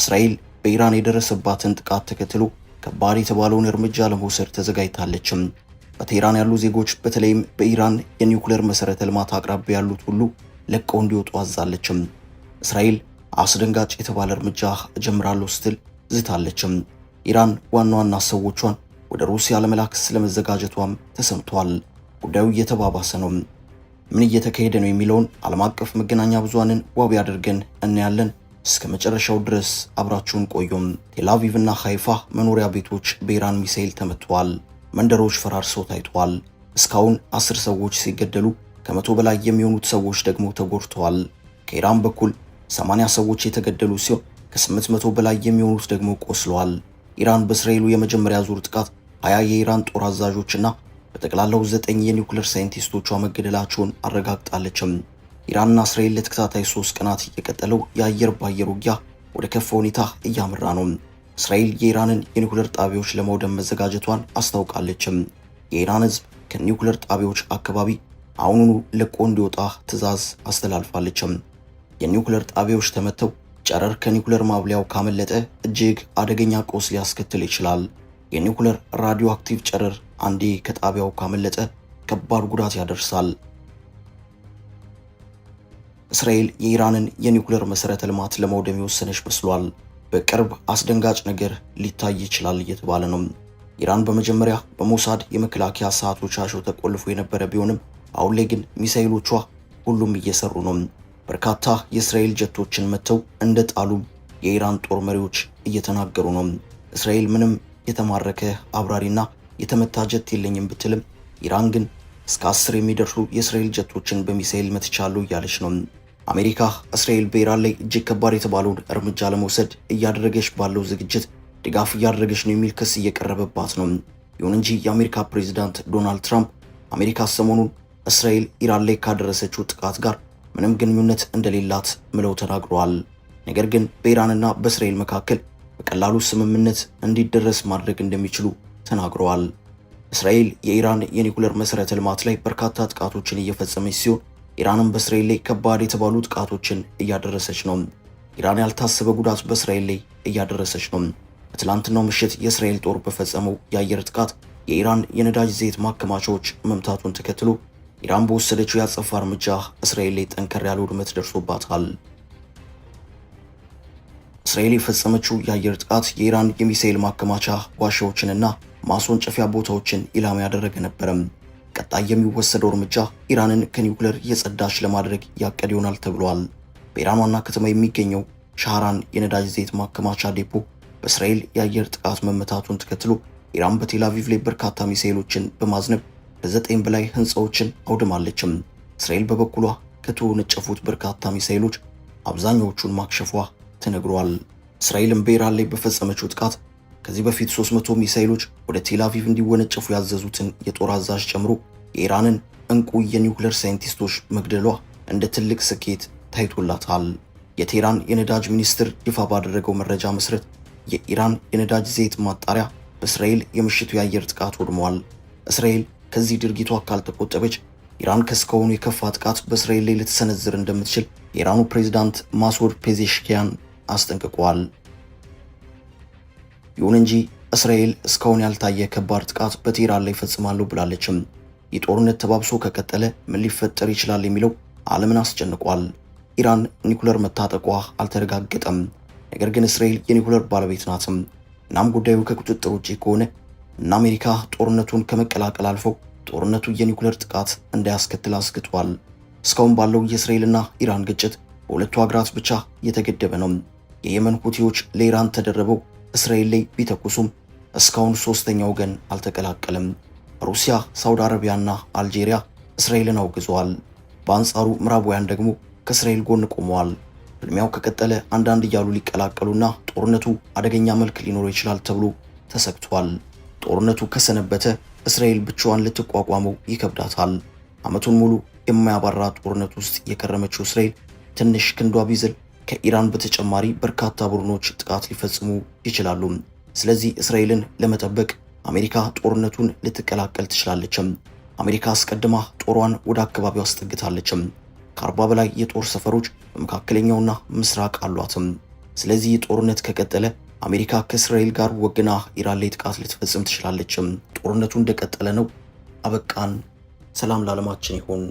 እስራኤል በኢራን የደረሰባትን ጥቃት ተከትሎ ከባድ የተባለውን እርምጃ ለመውሰድ ተዘጋጅታለችም። በቴህራን ያሉ ዜጎች በተለይም በኢራን የኒውክሌር መሠረተ ልማት አቅራቢያ ያሉት ሁሉ ለቀው እንዲወጡ አዛለችም። እስራኤል አስደንጋጭ የተባለ እርምጃ እጀምራለሁ ስትል ዝታለችም። ኢራን ዋና ዋና ሰዎቿን ወደ ሩሲያ ለመላክ ስለመዘጋጀቷም ተሰምቷል። ጉዳዩ እየተባባሰ ነው። ምን እየተካሄደ ነው የሚለውን ዓለም አቀፍ መገናኛ ብዙሃንን ዋቢ አድርገን እናያለን። እስከ መጨረሻው ድረስ አብራችሁን ቆዩም። እና ሃይፋ መኖሪያ ቤቶች በኢራን ሚሳኤል ተመትተዋል። መንደሮች ፈራርሰው ታይተዋል። እስካሁን አስር ሰዎች ሲገደሉ ከመቶ በላይ የሚሆኑት ሰዎች ደግሞ ተጎድተዋል። ከኢራን በኩል 80 ሰዎች የተገደሉ ሲሆን ከ800 በላይ የሚሆኑት ደግሞ ቆስለዋል። ኢራን በእስራኤሉ የመጀመሪያ ዙር ጥቃት 20 የኢራን ጦር አዛዦችና በጠቅላላው 9 የኒውክሌር ሳይንቲስቶቿ መገደላቸውን አረጋግጣለችም። ኢራንና እስራኤል ለተከታታይ ሶስት ቀናት የቀጠለው የአየር ባየር ውጊያ ወደ ከፍ ሁኔታ እያመራ ነው። እስራኤል የኢራንን የኒውክሌር ጣቢያዎች ለመውደም መዘጋጀቷን አስታውቃለችም። የኢራን ህዝብ ከኒውክሌር ጣቢያዎች አካባቢ አሁኑኑ ለቆ እንዲወጣ ትዕዛዝ አስተላልፋለችም። የኒውክሌር ጣቢያዎች ተመተው ጨረር ከኒውክሌር ማብሊያው ካመለጠ እጅግ አደገኛ ቀውስ ሊያስከትል ይችላል። የኒውክሌር ራዲዮ አክቲቭ ጨረር አንዴ ከጣቢያው ካመለጠ ከባድ ጉዳት ያደርሳል። እስራኤል የኢራንን የኒውክሌር መሠረተ ልማት ለመውደም የወሰነች መስሏል። በቅርብ አስደንጋጭ ነገር ሊታይ ይችላል እየተባለ ነው። ኢራን በመጀመሪያ በሞሳድ የመከላከያ ሰዓቶቻቸው ተቆልፎ የነበረ ቢሆንም አሁን ላይ ግን ሚሳኤሎቿ ሁሉም እየሰሩ ነው። በርካታ የእስራኤል ጀቶችን መጥተው ጣሉ የኢራን ጦር መሪዎች እየተናገሩ ነው። እስራኤል ምንም የተማረከ አብራሪና የተመታ ጀት የለኝም ብትልም ኢራን ግን እስከ አስር የሚደርሱ የእስራኤል ጀቶችን በሚሳኤል መትቻለሁ እያለች ነው። አሜሪካ እስራኤል በኢራን ላይ እጅግ ከባድ የተባለውን እርምጃ ለመውሰድ እያደረገች ባለው ዝግጅት ድጋፍ እያደረገች ነው የሚል ክስ እየቀረበባት ነው። ይሁን እንጂ የአሜሪካ ፕሬዚዳንት ዶናልድ ትራምፕ አሜሪካ ሰሞኑን እስራኤል ኢራን ላይ ካደረሰችው ጥቃት ጋር ምንም ግንኙነት እንደሌላት ምለው ተናግረዋል። ነገር ግን በኢራንና በእስራኤል መካከል በቀላሉ ስምምነት እንዲደረስ ማድረግ እንደሚችሉ ተናግረዋል። እስራኤል የኢራን የኒኩለር መሠረተ ልማት ላይ በርካታ ጥቃቶችን እየፈጸመች ሲሆን ኢራንም በእስራኤል ላይ ከባድ የተባሉ ጥቃቶችን እያደረሰች ነው። ኢራን ያልታሰበ ጉዳት በእስራኤል ላይ እያደረሰች ነው። በትላንትናው ምሽት የእስራኤል ጦር በፈጸመው የአየር ጥቃት የኢራን የነዳጅ ዘይት ማከማቻዎች መምታቱን ተከትሎ ኢራን በወሰደችው የአጸፋ እርምጃ እስራኤል ላይ ጠንከር ያለ ውድመት ደርሶባታል። እስራኤል የፈጸመችው የአየር ጥቃት የኢራን የሚሳኤል ማከማቻ ዋሻዎችንና ማስወንጨፊያ ቦታዎችን ኢላማ ያደረገ ነበረም። ቀጣይ የሚወሰደው እርምጃ ኢራንን ከኒውክለር የጸዳች ለማድረግ ያቀድ ይሆናል ተብሏል። በኢራን ዋና ከተማ የሚገኘው ሻህራን የነዳጅ ዘይት ማከማቻ ዴፖ በእስራኤል የአየር ጥቃት መመታቱን ተከትሎ ኢራን በቴላቪቭ ላይ በርካታ ሚሳኤሎችን በማዝነብ ከዘጠኝ በላይ ህንፃዎችን አውድማለችም። እስራኤል በበኩሏ ከተወነጨፉት በርካታ ሚሳኤሎች አብዛኛዎቹን ማክሸፏ ተነግሯል። እስራኤልም በኢራን ላይ በፈጸመችው ጥቃት ከዚህ በፊት 300 ሚሳኤሎች ወደ ቴላቪቭ እንዲወነጨፉ ያዘዙትን የጦር አዛዥ ጨምሮ የኢራንን እንቁ የኒውክሌር ሳይንቲስቶች መግደሏ እንደ ትልቅ ስኬት ታይቶላታል። የቴህራን የነዳጅ ሚኒስትር ይፋ ባደረገው መረጃ መሰረት የኢራን የነዳጅ ዘይት ማጣሪያ በእስራኤል የምሽቱ የአየር ጥቃት ወድሟል። እስራኤል ከዚህ ድርጊቷ ካልተቆጠበች ኢራን ከእስካሁኑ የከፋ ጥቃት በእስራኤል ላይ ልትሰነዝር እንደምትችል የኢራኑ ፕሬዚዳንት ማሶድ ፔዜሽኪያን አስጠንቅቋል። ይሁን እንጂ እስራኤል እስካሁን ያልታየ ከባድ ጥቃት በቴህራን ላይ ፈጽማለሁ ብላለችም። የጦርነት ተባብሶ ከቀጠለ ምን ሊፈጠር ይችላል የሚለው ዓለምን አስጨንቋል። ኢራን ኒኩለር መታጠቋ አልተረጋገጠም፣ ነገር ግን እስራኤል የኒኩለር ባለቤት ናትም። እናም ጉዳዩ ከቁጥጥር ውጭ ከሆነ እና አሜሪካ ጦርነቱን ከመቀላቀል አልፎ ጦርነቱ የኒኩለር ጥቃት እንዳያስከትል አስግቷል። እስካሁን ባለው የእስራኤልና ኢራን ግጭት በሁለቱ ሀገራት ብቻ የተገደበ ነው። የየመን ሁቲዎች ለኢራን ተደረበው እስራኤል ላይ ቢተኩሱም እስካሁን ሶስተኛ ወገን አልተቀላቀለም። ሩሲያ፣ ሳውዲ አረቢያና አልጄሪያ እስራኤልን አውግዘዋል። በአንጻሩ ምዕራባውያን ደግሞ ከእስራኤል ጎን ቆመዋል። ፍልሚያው ከቀጠለ አንዳንድ እያሉ ሊቀላቀሉና ጦርነቱ አደገኛ መልክ ሊኖረው ይችላል ተብሎ ተሰግቷል። ጦርነቱ ከሰነበተ እስራኤል ብቻዋን ልትቋቋመው ይከብዳታል። ዓመቱን ሙሉ የማያባራ ጦርነት ውስጥ የከረመችው እስራኤል ትንሽ ክንዷ ቢዝል ከኢራን በተጨማሪ በርካታ ቡድኖች ጥቃት ሊፈጽሙ ይችላሉ። ስለዚህ እስራኤልን ለመጠበቅ አሜሪካ ጦርነቱን ልትቀላቀል ትችላለችም። አሜሪካ አስቀድማ ጦሯን ወደ አካባቢው አስጠግታለችም። ከአርባ በላይ የጦር ሰፈሮች በመካከለኛውና ምስራቅ አሏትም። ስለዚህ ጦርነት ከቀጠለ አሜሪካ ከእስራኤል ጋር ወግና ኢራን ላይ ጥቃት ልትፈጽም ትችላለችም። ጦርነቱ እንደቀጠለ ነው። አበቃን። ሰላም ለዓለማችን ይሁን።